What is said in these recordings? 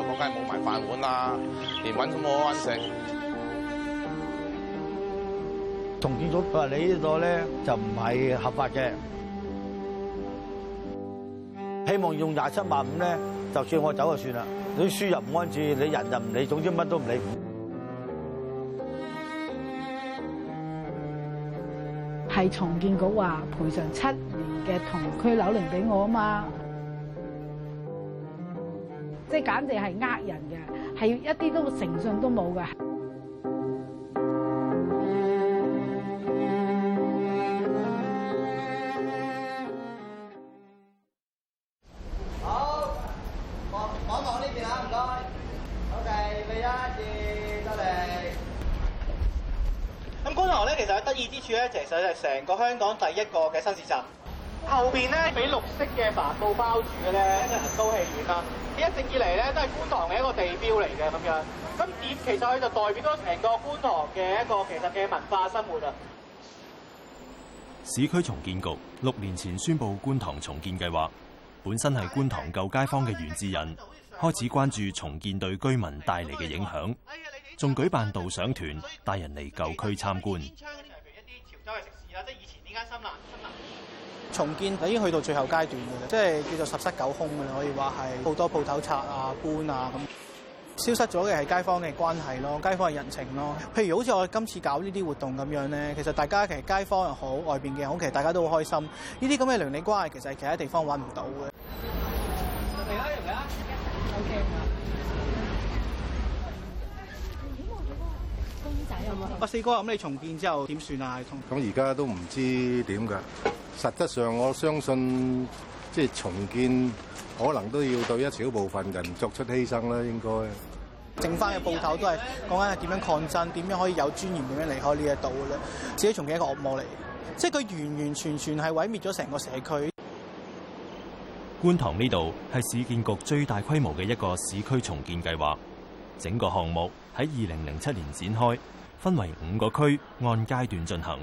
個家冇埋飯碗啦，連揾都冇得揾食。重建局佢話你呢個咧就唔係合法嘅，希望用廿七萬五咧，就算我走就算啦。你輸入唔安置，你人就唔理，總之乜都唔理。係重建局話賠償七年嘅同區樓齡俾我啊嘛。即係簡直係呃人嘅，係一啲都誠信都冇嘅。好，網往網呢邊啊，唔該。好嘅，李生，謝多謝。咁觀塘咧，其實得意之處咧，其實係成個香港第一個嘅新市鎮。後邊呢，俾綠色嘅帆布包住嘅咧，都係銀都戲院啦。一直以嚟咧都係觀塘嘅一個地標嚟嘅咁樣。咁點其實佢就代表咗成個觀塘嘅一個其實嘅文化生活啊。市區重建局六年前宣布觀塘重建計劃，本身係觀塘舊街坊嘅袁智仁，開始關注重建對居民帶嚟嘅影響，仲舉辦導賞團帶人嚟舊區參觀。就係食市啦，即係以前呢間新南新南重建，已經去到最後階段嘅啦，即係叫做十室九空嘅，可以話係好多鋪頭拆啊搬啊咁。消失咗嘅係街坊嘅關係咯，街坊嘅人情咯。譬如好似我今次搞呢啲活動咁樣咧，其實大家其實街坊又好，外邊嘅又好，其實大家都好開心。呢啲咁嘅鄰里關係，其實係其他地方揾唔到嘅。四哥，咁你重建之後點算啊？咁而家都唔知點㗎。實質上，我相信即係重建可能都要對一小部分人作出犧牲啦。應該剩翻嘅鋪頭都係講緊係點樣抗爭，點樣可以有尊嚴，點樣離開呢個島啦。自己重建一個惡魔嚟，即係佢完完全全係毀滅咗成個社區。觀塘呢度係市建局最大規模嘅一個市區重建計劃，整個項目喺二零零七年展開。分為五個區，按階段進行，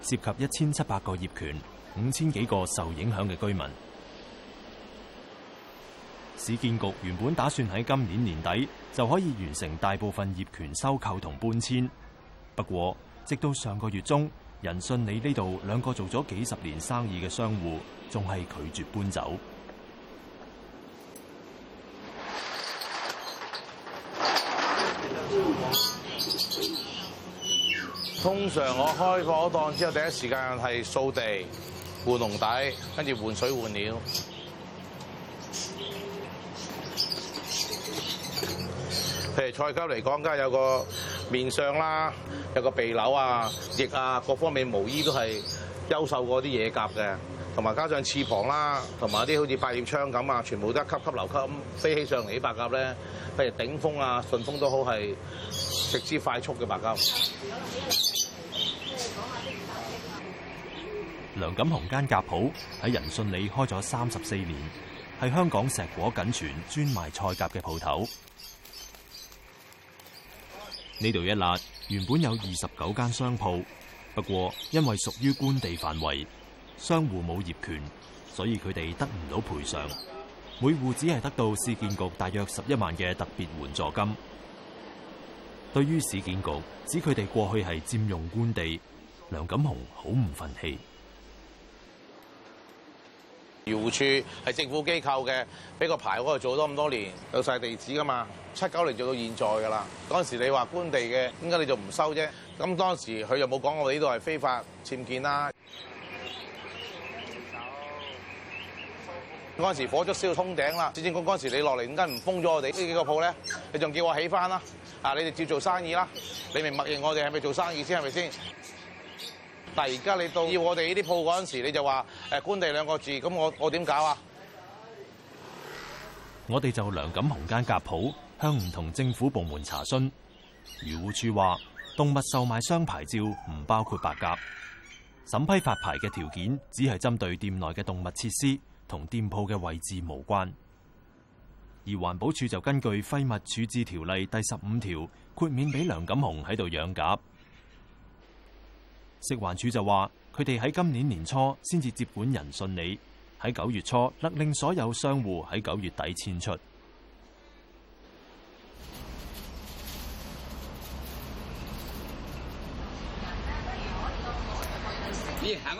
涉及一千七百個業權，五千幾個受影響嘅居民。市建局原本打算喺今年年底就可以完成大部分業權收購同搬遷，不過直到上個月中，仁信里呢度兩個做咗幾十年生意嘅商戶仲係拒絕搬走。通常我開個檔之後，第一時間係掃地、換籠底，跟住換水換、換料。譬如賽鴿嚟講，梗係有個面相啦，有個鼻瘤啊、翼啊，各方面毛衣都係優秀過啲野鴿嘅。同埋加上翅膀啦，同埋啲好似百葉窗咁啊，全部都一級級流級咁飛起上嚟。啲白鴿咧，譬如頂風啊、順風都好，係食之快速嘅白鴿。梁錦雄間鴿鋪喺仁信里開咗三十四年，係香港碩果僅存專賣菜鴿嘅鋪頭。呢度一辣，原本有二十九間商鋪，不過因為屬於官地範圍，商戶冇業權，所以佢哋得唔到賠償，每戶只係得到市建局大約十一萬嘅特別援助金。對於市建局指佢哋過去係佔用官地，梁錦雄好唔忿氣。遙處係政府機構嘅，俾個牌我做咗咁多年，有晒地址噶嘛？七九年做到現在噶啦。嗰陣時你話官地嘅，點解你就唔收啫？咁當時佢又冇講我哋呢度係非法僭建啦。咁嗰 時火燭燒到通頂啦，市政局嗰陣時你落嚟，點解唔封咗我哋呢幾個鋪咧？你仲叫我起返啦？啊，你哋照做生意啦。你明默認我哋係咪做生意先係咪先？但而家你到要我哋呢啲鋪嗰陣時，你就話，誒，官地兩個字，咁我我點搞啊？我哋就梁錦雄間鴿鋪向唔同政府部門查詢，漁護署話動物售賣商牌照唔包括白鴿，審批發牌嘅條件，只係針對店內嘅動物設施，同店鋪嘅位置無關，而環保署就根據廢物處置條例第十五條豁免俾梁錦雄喺度養鴿。食環署就話，佢哋喺今年年初先至接管仁信里，喺九月初勒令所有商戶喺九月底遷出。行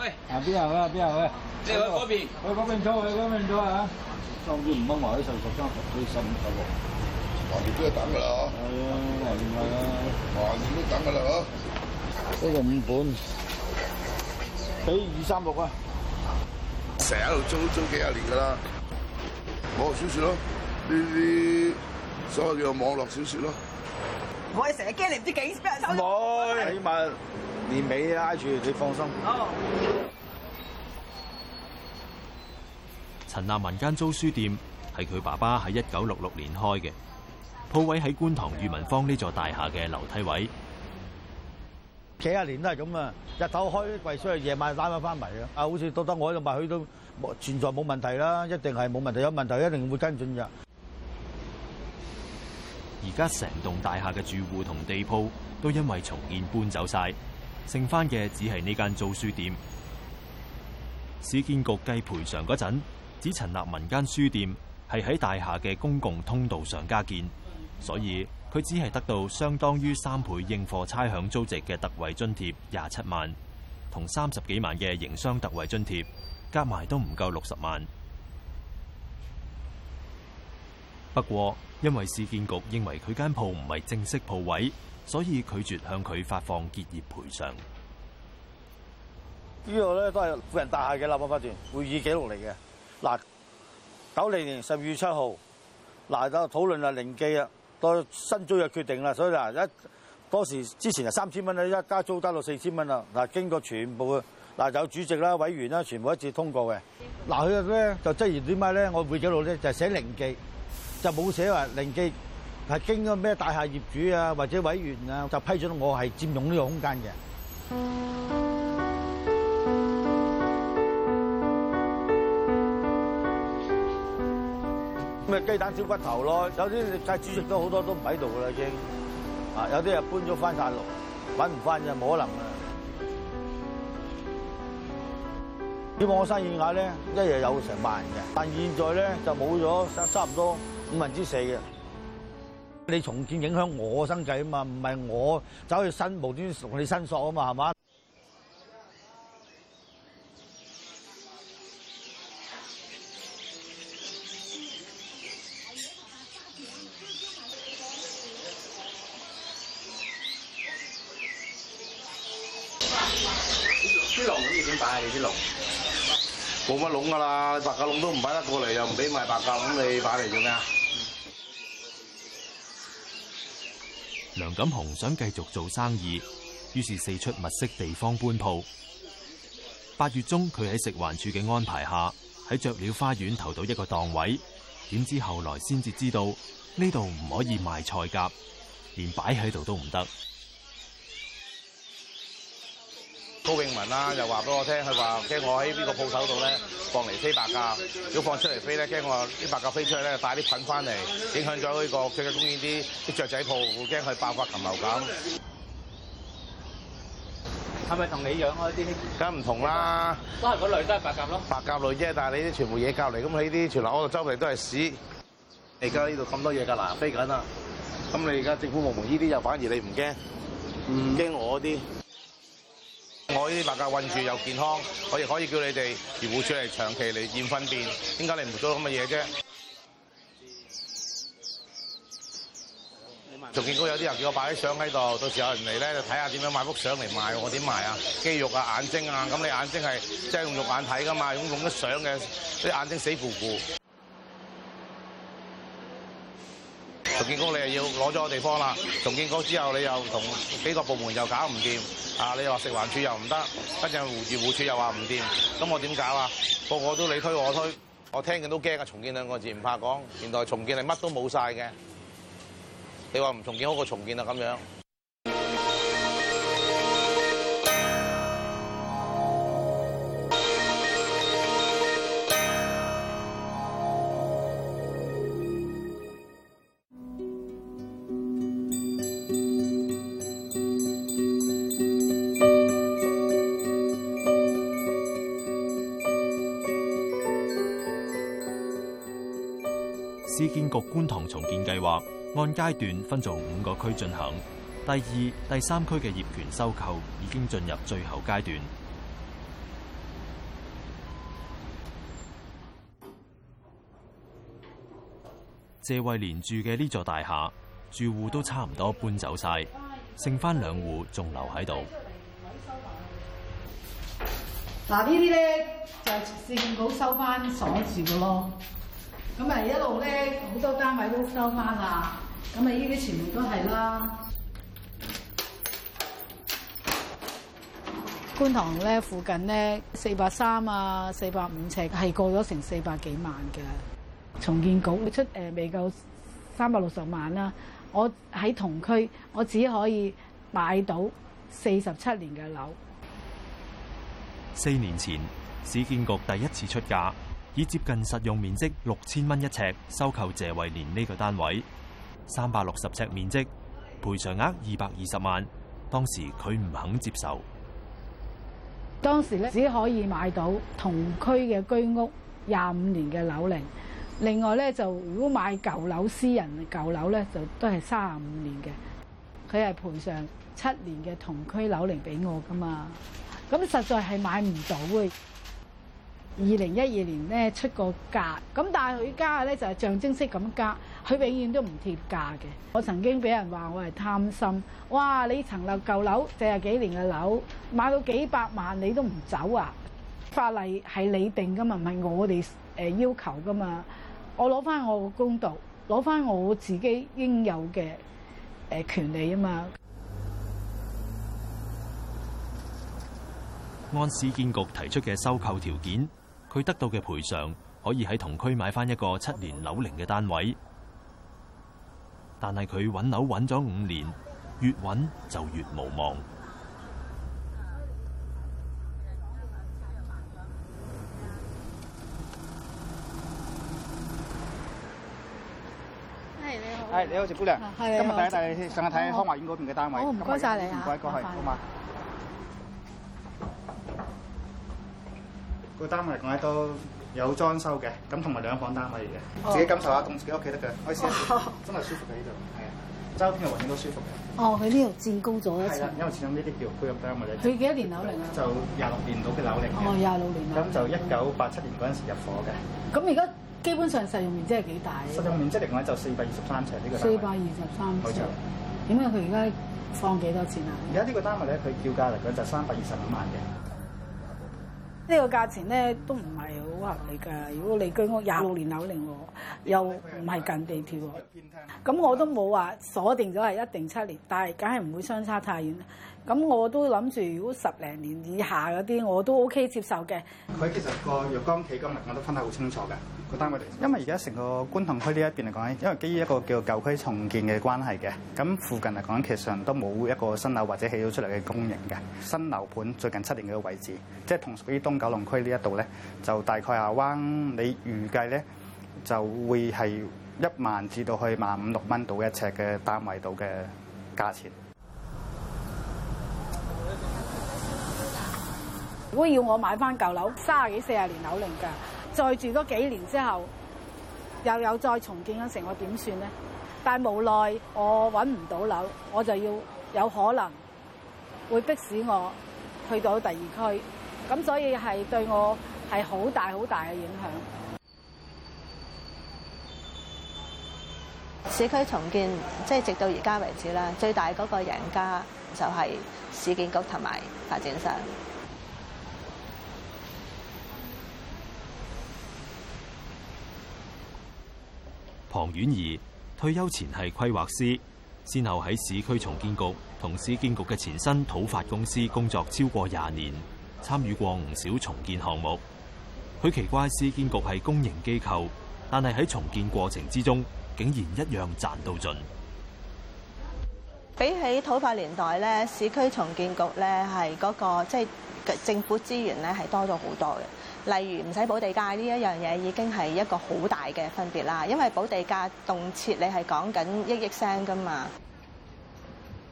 行行。呢個五本，俾二三六啊！成日喺度租租幾廿年噶啦，網絡小說咯，呢啲所謂叫做網絡小說咯。我係成日驚你唔知幾多人收。唔會，起碼年尾拉住你放心。陳立文間租書店係佢爸爸喺一九六六年開嘅，鋪位喺觀塘裕民坊呢座大廈嘅樓梯位。幾十年都係咁啊！日頭開櫃出去，夜晚拉翻翻嚟啊！啊，好似到得我喺度咪去都存在冇問題啦，一定係冇問題。有問題一定會跟進咋。而家成棟大廈嘅住戶同地鋪都因為重建搬走晒，剩翻嘅只係呢間租書店。市建局計賠償嗰陣，只陳立民間書店係喺大廈嘅公共通道上加建，所以。佢只係得到相當於三倍應課差餉租值嘅特惠津貼，廿七萬同三十幾萬嘅營商特惠津貼，加埋都唔夠六十萬。不過，因為市建局認為佢間鋪唔係正式鋪位，所以拒絕向佢發放結業賠償。呢個咧都係富人大廈嘅立法法團會議記錄嚟嘅嗱，九零年十二月七號嗱，就討論啊，凌記啊。到新租又決定啦，所以嗱一當時之前啊三千蚊啦，一家租得到四千蚊啦。嗱，經過全部嗱有主席啦、委員啦，全部一次通過嘅。嗱，佢咧就質疑點解咧，我會記錄咧就寫零記，就冇寫話零記係經過咩大廈業主啊或者委員啊就批准我係佔用呢個空間嘅。嗯。咁啊，雞蛋小骨頭咯，有啲你曬豬食都好多都唔喺度啦，已經啊，有啲啊搬咗翻大陸，揾唔翻就冇可能啊！希望我生意額咧，一日有成萬人嘅，但現在咧就冇咗差唔多五分之四嘅。你重建影響我生計啊嘛，唔係我走去申無端端同你申索啊嘛，係嘛？白鴿籠都唔擺得過嚟，又唔俾賣白鴿，咁你擺嚟做咩啊？梁錦雄想繼續做生意，於是四出物色地方搬鋪。八月中，佢喺食環署嘅安排下喺雀鳥花園投到一個檔位，點知後來先至知道呢度唔可以賣賽鴿，連擺喺度都唔得。高永文啦，又話俾我聽，佢話驚我喺呢個鋪頭度咧放嚟飛白鴿，如果放出嚟飛咧，驚我啲白鴿飛出去咧帶啲菌翻嚟，影響咗呢個社區公園啲啲雀仔鋪，會驚佢爆發禽流感。係咪同你養開啲？梗唔同啦，都係嗰類，都係白鴿咯。白鴿類啫，但係你啲全部野鴿嚟，咁你啲全樓度周圍都係屎。你而家呢度咁多嘢㗎啦，飛緊啦。咁你而家政府部門呢啲又反而你唔驚，唔驚我啲？可以啲白鴿運住又健康，我亦可以叫你哋業戶出嚟長期嚟驗分辨，點解你唔做咁嘅嘢啫？仲 見過有啲人叫我擺啲相喺度，到時有人嚟咧就睇下點樣買幅相嚟賣，我點賣啊？肌肉啊、眼睛啊，咁你眼睛係即係用肉眼睇噶嘛，用咁啲相嘅啲眼睛死糊糊。重建局你又要攞咗個地方啦，重建局之後你又同幾個部門又搞唔掂，啊你話食環署又唔得，一陣護住護處又話唔掂，咁我點搞啊？個個都你推我推，我聽見都驚啊！重建兩個字唔怕講，原來重建係乜都冇晒嘅，你話唔重建好過重建啊咁樣。觀塘重建計劃按階段分做五個區進行，第二、第三區嘅業權收購已經進入最後階段。嗯、謝慧蓮住嘅呢座大廈，住戶都差唔多搬走晒，剩翻兩戶仲留喺度。嗱，呢啲咧就係市建局收翻鎖住嘅咯。咁咪一路咧，好多單位都收翻啦。咁啊，依啲全部都係啦。觀塘咧，附近咧，四百三啊，四百五尺係過咗成四百幾萬嘅。重建局出、呃、未夠三百六十萬啦。我喺同區，我只可以買到四十七年嘅樓。四年前，市建局第一次出價。以接近實用面積六千蚊一尺收購謝惠蓮呢個單位，三百六十尺面積，賠償額二百二十萬。當時佢唔肯接受。當時咧，只可以買到同區嘅居屋廿五年嘅樓齡，另外咧就如果買舊樓私人嘅舊樓咧就都係卅五年嘅。佢係賠償七年嘅同區樓齡俾我噶嘛，咁實在係買唔到嘅。二零一二年咧出個價，咁但係佢加咧就係象徵式咁加，佢永遠都唔貼價嘅。我曾經俾人話我係貪心，哇！你層樓舊樓四十幾年嘅樓，買到幾百萬你都唔走啊？法例係你定噶嘛，唔係我哋誒要求噶嘛。我攞翻我個公道，攞翻我自己應有嘅誒權利啊嘛。按市建局提出嘅收購條件。佢得到嘅賠償可以喺同區買翻一個七年樓齡嘅單位，但係佢揾樓揾咗五年，越揾就越無望。係你好，係你好，小姑娘，今日第一日上去睇康華苑嗰邊嘅單位。好唔該晒你吓，唔該，過去，好嘛。個單位嚟講咧都有裝修嘅，咁同埋兩房單位嚟嘅，oh. 自己感受一下，同自己屋企得嘅，可以試試，oh. 真係舒服嘅呢度，係啊，周邊嘅環境都舒服嘅。哦、oh，佢呢度佔高咗一層。係啦，因為始終呢啲叫配合單位嚟。佢幾多年樓齡啊？就廿六年到嘅樓齡哦，廿六年啊。咁就一九八七年嗰陣時入伙嘅。咁而家基本上實用面積係幾大啊？實用面積嚟講就四百二十三尺呢個。四百二十三尺。冇錯。點解佢而家放幾多錢啊？而家呢個單位咧，佢叫價嚟講就三百二十五萬嘅。呢、這個價錢咧都唔係好合理㗎。如果你居屋廿六年樓齡喎，又唔係近地鐵喎，咁我都冇話鎖定咗係一定七年，但係梗係唔會相差太遠。咁我都諗住，如果十零年以下嗰啲，我都 OK 接受嘅。佢其實個若光期今日我都分得好清楚㗎。因為而家成個觀塘區呢一邊嚟講，因為基於一個叫做舊區重建嘅關係嘅，咁附近嚟講，其實上都冇一個新樓或者起咗出嚟嘅供應嘅新樓盤。最近七年嘅位置，即係同屬於東九龍區呢一度咧，就大概亞灣，你預計咧就會係一萬至到去萬五六蚊度一尺嘅單位度嘅價錢。如果要我買返舊樓，卅幾四十年樓齡㗎。再住多幾年之後，又有再重建嗰陣時，我點算呢？但係無奈我揾唔到樓，我就要有可能會迫使我去到第二區，咁所以係對我係好大好大嘅影響。市區重建即係直到而家為止啦，最大嗰個贏家就係市建局同埋發展商。龐婉兒退休前係規劃師，先後喺市區重建局同市建局嘅前身土發公司工作超過廿年，參與過唔少重建項目。佢奇怪市建局係公營機構，但係喺重建過程之中，竟然一樣賺到盡。比起土發年代呢市區重建局呢係嗰個即係、就是、政府資源呢係多咗好多嘅。例如唔使補地價呢一樣嘢已經係一個好大嘅分別啦，因為補地價動設你係講緊億億聲㗎嘛，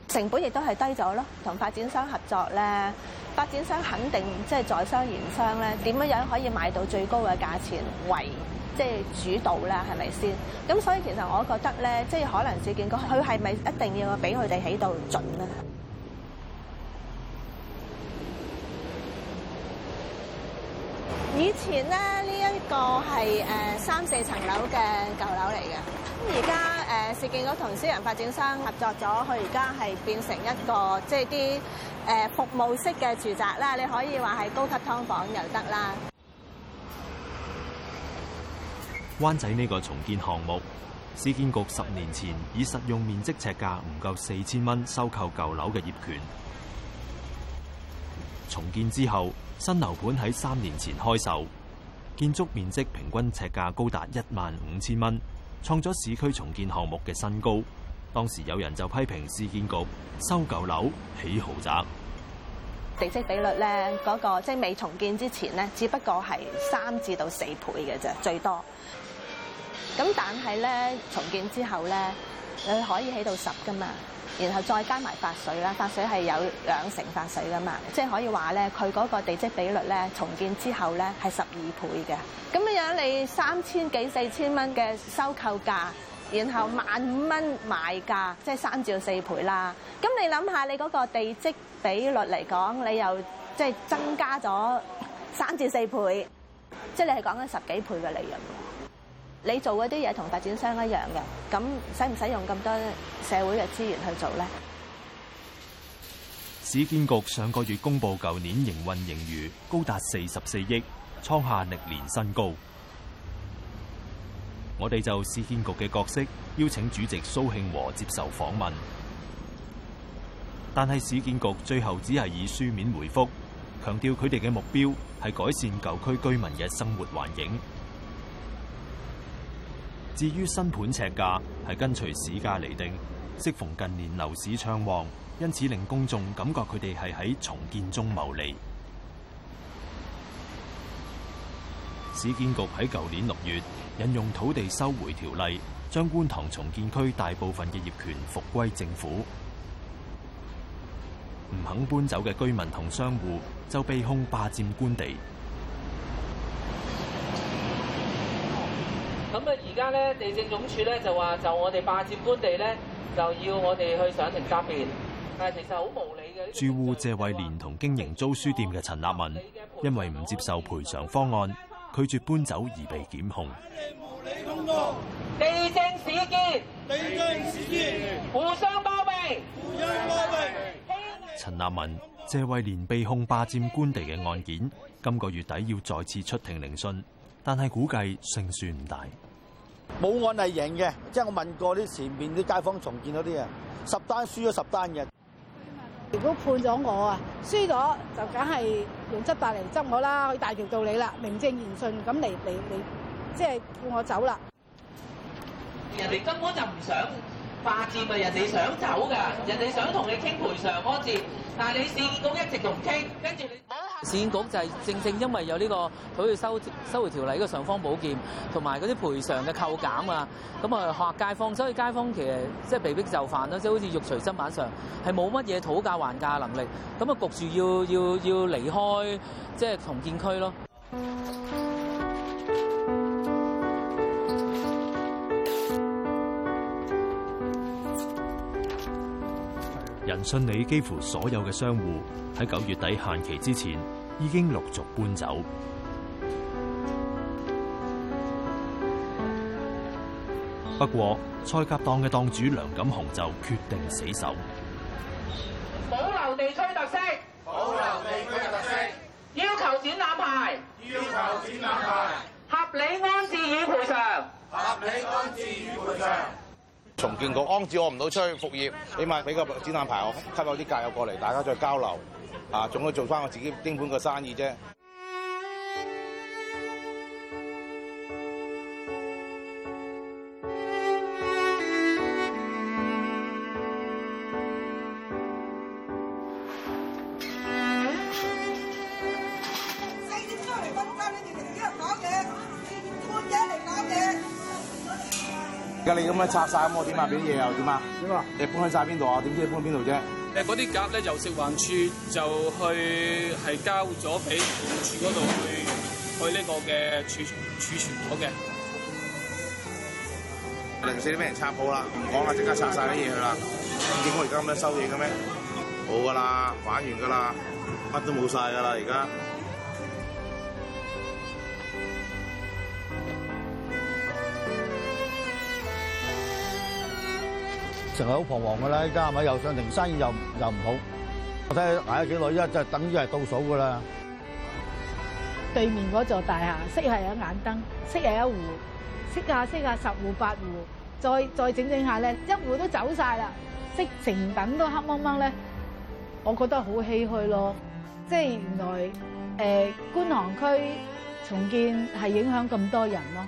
成本亦都係低咗囉。同發展商合作咧，發展商肯定即係在商言商咧，點樣樣可以賣到最高嘅價錢為即係主導咧，係咪先？咁所以其實我覺得咧，即係可能市建局佢係咪一定要俾佢哋喺度準咧？以前呢，呢一個係三四層樓嘅舊樓嚟嘅。咁而家誒，市建局同私人發展商合作咗，佢而家係變成一個即係啲誒服務式嘅住宅啦。你可以話係高級劏房又得啦。灣仔呢個重建項目，市建局十年前以實用面積尺價唔夠四千蚊收購舊樓嘅業權，重建之後。新樓盤喺三年前開售，建築面積平均尺價高達一萬五千蚊，創咗市區重建項目嘅新高。當時有人就批評市建局收舊樓起豪宅。地積比率咧，嗰個即係未重建之前呢，只不過係三至到四倍嘅啫，最多。咁但係咧，重建之後咧，你可以起到十㗎嘛。然後再加埋發水啦，發水係有兩成發水噶嘛，即係可以話咧，佢嗰個地積比率咧重建之後咧係十二倍嘅。咁樣樣你三千幾四千蚊嘅收購價，然後萬五蚊買價，即係三至四倍啦。咁你諗下，你嗰個地積比率嚟講，你又即係增加咗三至四倍，即係你係講緊十幾倍嘅利潤。你做嗰啲嘢同發展商一樣嘅，咁使唔使用咁多社會嘅資源去做咧？市建局上個月公布舊年營運盈餘高達四十四億，創下歷年新高。我哋就市建局嘅角色，邀請主席蘇慶和接受訪問。但係市建局最後只係以書面回覆，強調佢哋嘅目標係改善舊區居民嘅生活環境。至於新盤尺價係跟隨市價嚟定，適逢近年樓市暢旺，因此令公眾感覺佢哋係喺重建中牟利。市建局喺舊年六月引用土地收回條例，將觀塘重建區大部分嘅業權復歸政府。唔肯搬走嘅居民同商戶就被控霸佔官地。咁啊！而家咧，地政總署咧就話就我哋霸佔官地咧，就要我哋去上庭答辯。但係其實好無理嘅。住戶謝惠蓮同經營租書店嘅陳立文，因為唔接受賠償方案，拒絕搬走而被檢控。無理公告，地政市建，地政市建，互相包庇，互相包庇。陳立文、謝惠蓮被控霸佔官地嘅案件，今個月底要再次出庭聆訊。但係估計勝算唔大，冇案例贏嘅，即係我問過啲前面啲街坊重建嗰啲啊，十單輸咗十單嘅。如果判咗我啊，輸咗就梗係用執法嚟執我啦，可以大條道理啦，名正言順咁嚟嚟嚟，即係判我走啦。人哋根本就唔想化字，咪，人哋想走噶，人哋想同你傾賠償嗰節，但係你市建局一直同傾，跟住你。市建局就係正正因為有呢、這個佢要收收回條例呢個尚方寶劍，同埋嗰啲賠償嘅扣減啊，咁啊學街坊，所以街坊其實即係被逼就範啦，即、就、係、是、好似肉隨砧板上，係冇乜嘢討價還價能力，咁啊焗住要要要離開，即係重建區咯。仁信里，幾乎所有嘅商戶喺九月底限期之前已經陸續搬走。不過，賽鴿檔嘅檔主梁錦雄就決定死守，保留地區特色，保留地區特，特色，要求展覽牌，要求展覽牌，合理安置與賠償，合理安置與賠償。重建局安置我唔到出去復業，起碼俾個展覽牌，我吸引啲鴿友過嚟，大家再交流啊，仲可以做翻我自己丁盤嘅生意啫。咁樣拆晒咁，我點啊？啲嘢又點啊？點啊？你搬去晒邊度啊？點知你搬去邊度啫？誒，嗰啲鴿咧由食環處就去係交咗俾處嗰度去去呢個嘅儲儲存咗嘅。零四啲咩人拆好啦？唔講啦，即刻拆晒啲嘢去啦！點解我而家咁樣收嘢嘅咩？冇噶啦，玩完噶啦，乜都冇晒噶啦，而家。成日好彷徨噶啦，依家係咪又上停生意又又唔好？我睇捱咗幾耐，依家就等於係倒數噶啦。對面嗰座大廈熄係有眼燈，熄係一戶，熄下熄下十戶八戶，再再整整一下咧，一戶都走晒啦，熄成品都黑掹掹咧，我覺得好唏噓咯。即係原來誒、呃、觀塘區重建係影響咁多人咯。